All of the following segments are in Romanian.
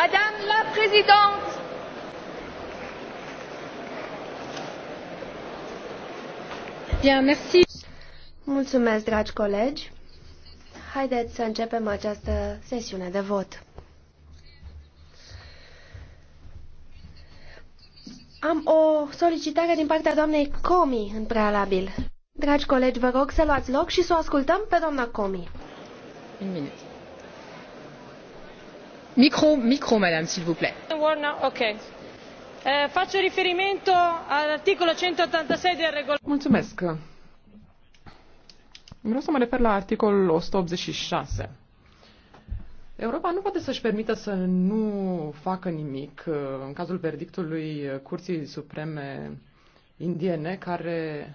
Madame la Présidente, Bien, merci. Mulțumesc, dragi colegi. Haideți să începem această sesiune de vot. Am o solicitare din partea doamnei Comi în prealabil. Dragi colegi, vă rog să luați loc și să o ascultăm pe doamna Comi. Un minut. Micro, micro, madame, s'il vous plaît. Okay. Eh, faccio riferimento all'articolo 186 del regolamento. Mulțumesc. Vreau să mă refer la articolul 186. Europa nu poate să-și permită să nu facă nimic eh, în cazul verdictului Curții Supreme indiene, care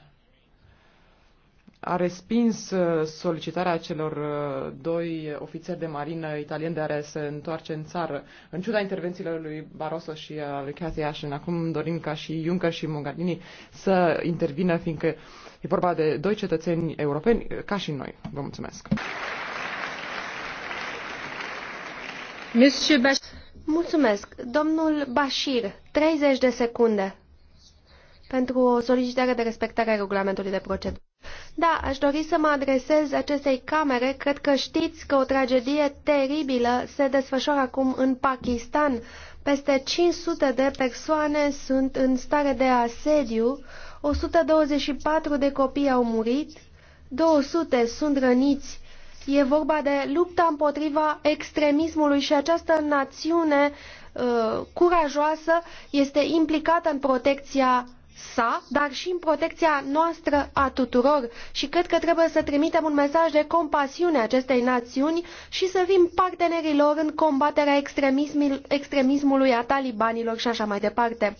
a respins uh, solicitarea celor uh, doi ofițeri de marină italieni de a se întoarce în țară. În ciuda intervențiilor lui Barroso și a lui Cathy Ashton, acum dorim ca și Juncker și Mogherini să intervină, fiindcă e vorba de doi cetățeni europeni uh, ca și noi. Vă mulțumesc! Mulțumesc. Domnul Bashir, 30 de secunde pentru o solicitare de respectare a regulamentului de procedură. Da, aș dori să mă adresez acestei camere. Cred că știți că o tragedie teribilă se desfășoară acum în Pakistan. Peste 500 de persoane sunt în stare de asediu, 124 de copii au murit, 200 sunt răniți. E vorba de lupta împotriva extremismului și această națiune uh, curajoasă este implicată în protecția sa, dar și în protecția noastră a tuturor și cred că trebuie să trimitem un mesaj de compasiune acestei națiuni și să fim partenerii lor în combaterea extremismului a talibanilor și așa mai departe.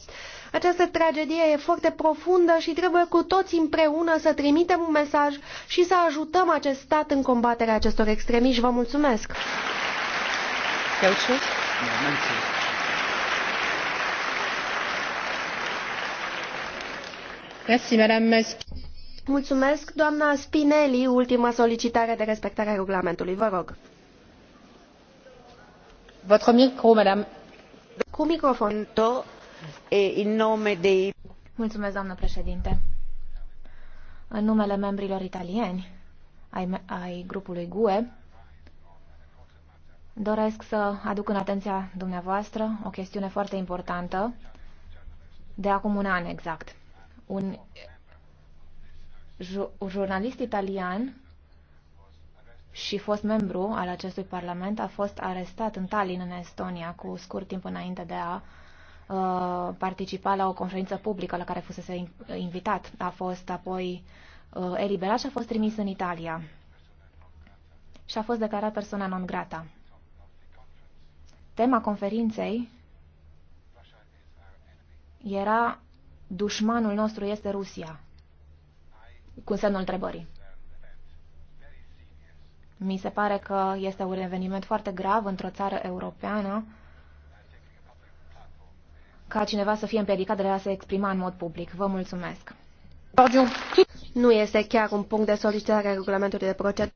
Această tragedie e foarte profundă și trebuie cu toți împreună să trimitem un mesaj și să ajutăm acest stat în combaterea acestor extremiști. Vă mulțumesc! Mulțumesc, doamna Spinelli, ultima solicitare de respectare a regulamentului. Vă rog. Votre micro, madame. Cu microfon. In nome dei... Mulțumesc, doamnă președinte. În numele membrilor italieni ai, ai grupului GUE, doresc să aduc în atenția dumneavoastră o chestiune foarte importantă de acum un an exact. Un jurnalist italian și fost membru al acestui parlament a fost arestat în Tallinn, în Estonia, cu scurt timp înainte de a uh, participa la o conferință publică la care fusese invitat. A fost apoi uh, eliberat și a fost trimis în Italia și a fost declarat persoana non grata. Tema conferinței era dușmanul nostru este Rusia? Cu semnul întrebării. Mi se pare că este un eveniment foarte grav într-o țară europeană ca cineva să fie împiedicat de a se exprima în mod public. Vă mulțumesc. Nu este chiar un punct de solicitare a regulamentului de procedură.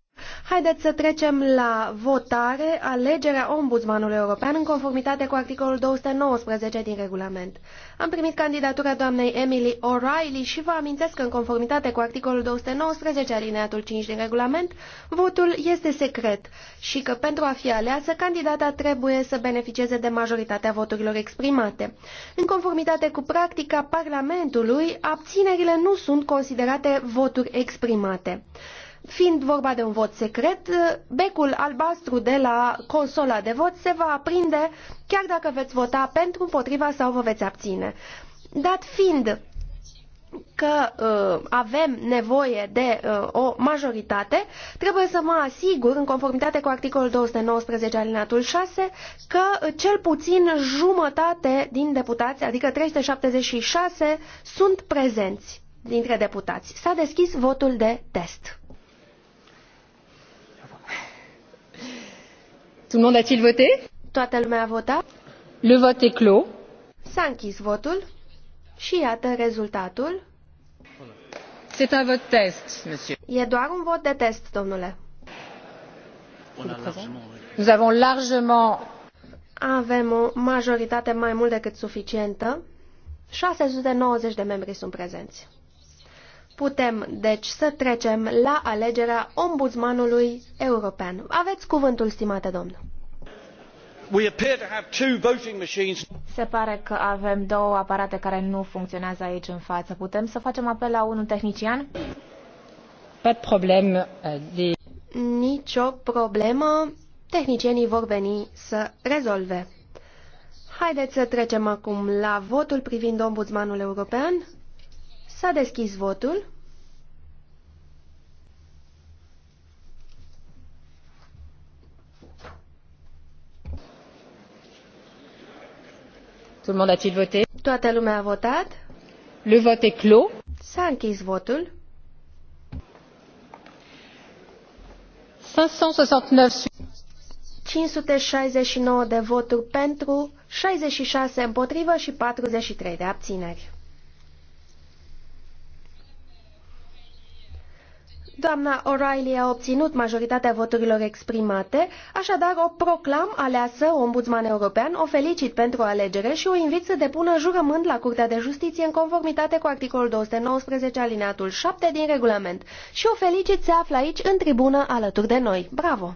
Haideți să trecem la votare alegerea ombudsmanului european în conformitate cu articolul 219 din regulament. Am primit candidatura doamnei Emily O'Reilly și vă amintesc că în conformitate cu articolul 219 alineatul 5 din regulament, votul este secret și că pentru a fi aleasă, candidata trebuie să beneficieze de majoritatea voturilor exprimate. În conformitate cu practica Parlamentului, abținerile nu sunt considerate voturi exprimate. Fiind vorba de un vot secret, becul albastru de la consola de vot se va aprinde chiar dacă veți vota pentru, împotriva sau vă veți abține. Dat fiind că uh, avem nevoie de uh, o majoritate, trebuie să mă asigur, în conformitate cu articolul 219 alineatul 6, că cel puțin jumătate din deputați, adică 376, sunt prezenți dintre deputați. S-a deschis votul de test. Tout le monde a-t-il voté? Toată lumea a votat? Le vote est clos. S-a închis votul și iată rezultatul. C'est un vot test, monsieur. E doar un vot de test, domnule. Nous avons largement avem o majoritate mai mult decât suficientă. 690 de membri sunt prezenți. Putem, deci, să trecem la alegerea ombudsmanului european. Aveți cuvântul, stimate domn. Se pare că avem două aparate care nu funcționează aici în față. Putem să facem apel la unul tehnician? Pas de problem. Euh, de... Nicio problemă. Tehnicienii vor veni să rezolve. Haideți să trecem acum la votul privind ombudsmanul european. S-a deschis votul. Tout le monde a-t-il voté Toată lumea a votat. Le vote est clos. S-a închis votul. 569 569 de voturi pentru, 66 împotrivă și 43 de abțineri. Doamna O'Reilly a obținut majoritatea voturilor exprimate, așadar o proclam aleasă ombudsman european, o felicit pentru alegere și o invit să depună jurământ la Curtea de Justiție în conformitate cu articolul 219 alineatul 7 din regulament și o felicit se află aici în tribună alături de noi. Bravo!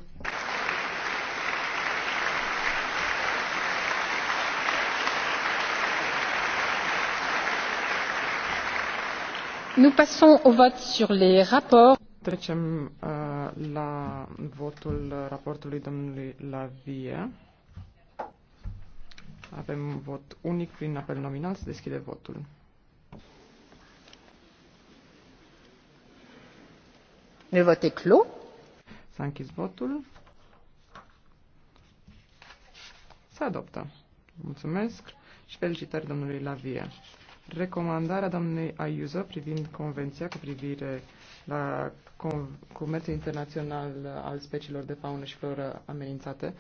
Nous passons au vote sur les rapports. Trecem uh, la votul raportului domnului Lavie. Avem vot unic prin apel nominal. Se deschide votul. Le vot est clos. S-a închis votul. Se adoptă. Mulțumesc și felicitări domnului Lavie. Recomandarea doamnei Ayuso privind Convenția cu privire la comerțul internațional al speciilor de faună și floră amenințate.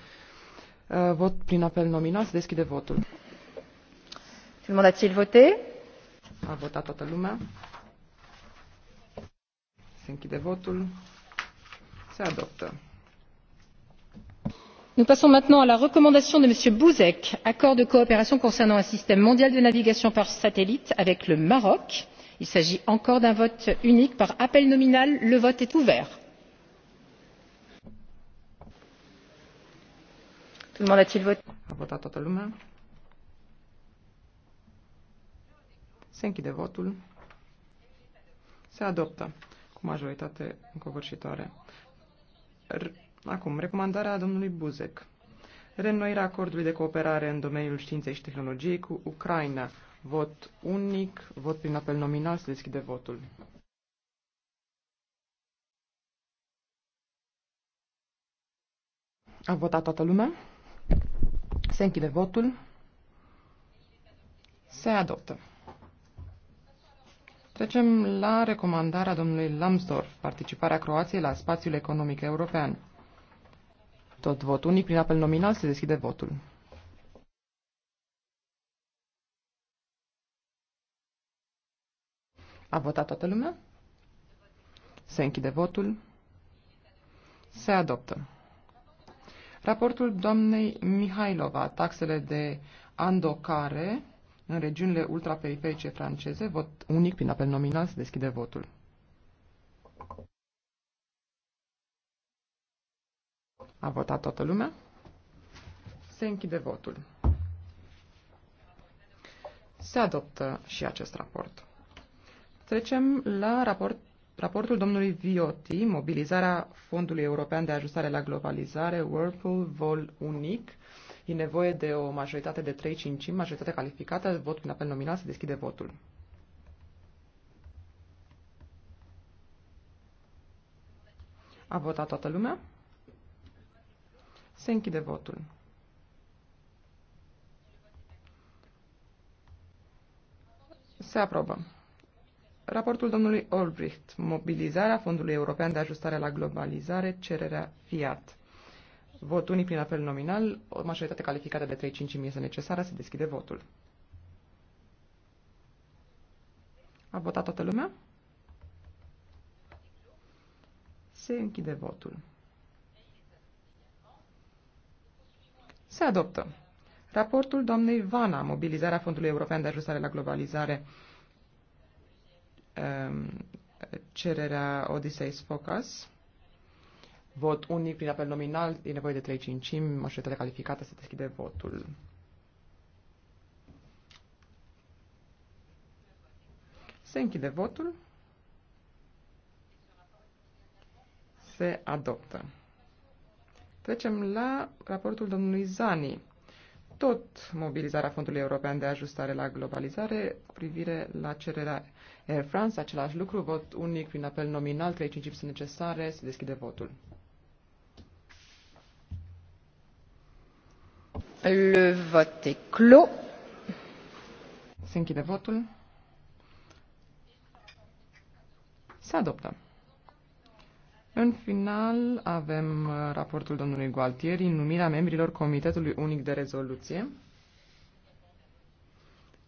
Uh, vot prin apel nominal. Se deschide votul. Filmul le a voté? A votat toată lumea. Se închide votul. Se adoptă. Nous passons maintenant à la recommandation de M. Bouzek, accord de coopération concernant un système mondial de navigation par satellite avec le Maroc il s'agit encore d'un vote unique par appel nominal. le vote est ouvert. tout toată lumea. se închide votul. se adoptă cu majoritate covârșitoare. Acum, recomandarea domnului Buzek. Reînnoirea acordului de cooperare în domeniul științei și tehnologiei cu Ucraina Vot unic, vot prin apel nominal, se deschide votul. A votat toată lumea. Se închide votul. Se adoptă. Trecem la recomandarea domnului Lambsdorff, participarea Croației la spațiul economic european. Tot vot unic prin apel nominal se deschide votul. A votat toată lumea? Se închide votul. Se adoptă. Raportul doamnei Mihailova, taxele de andocare în regiunile ultraperiferice franceze, vot unic prin apel nominal, se deschide votul. A votat toată lumea? Se închide votul. Se adoptă și acest raport. Trecem la raport, raportul domnului Vioti, mobilizarea Fondului European de Ajustare la Globalizare, Whirlpool, Vol Unic. E nevoie de o majoritate de 3 5 majoritate calificată, vot prin apel nominal, se deschide votul. A votat toată lumea? Se închide votul. Se aprobă. Raportul domnului Olbricht, mobilizarea Fondului European de Ajustare la Globalizare, cererea Fiat. Vot unii prin apel nominal, o majoritate calificată de 3 5 este necesară, se deschide votul. A votat toată lumea? Se închide votul. Se adoptă. Raportul doamnei Vana, mobilizarea Fondului European de Ajustare la Globalizare, Um, cererea Odisei Focus Vot unic prin apel nominal, e nevoie de 3 cincimi, majoritatea calificată se deschide votul. Se închide votul. Se adoptă. Trecem la raportul domnului Zani tot mobilizarea Fondului European de Ajustare la Globalizare cu privire la cererea Air France. Același lucru, vot unic prin apel nominal, trei cinci sunt necesare, se deschide votul. Le vot est clos. Se închide votul. Se adoptă. În final, avem uh, raportul domnului Gualtieri, numirea membrilor Comitetului Unic de Rezoluție.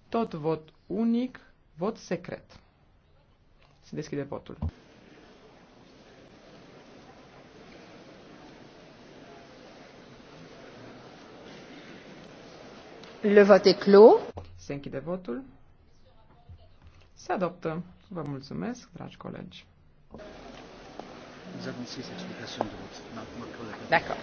Tot vot unic, vot secret. Se deschide votul. Le vot est clos. Se închide votul. Se adoptă. Vă mulțumesc, dragi colegi. Exact D'accord.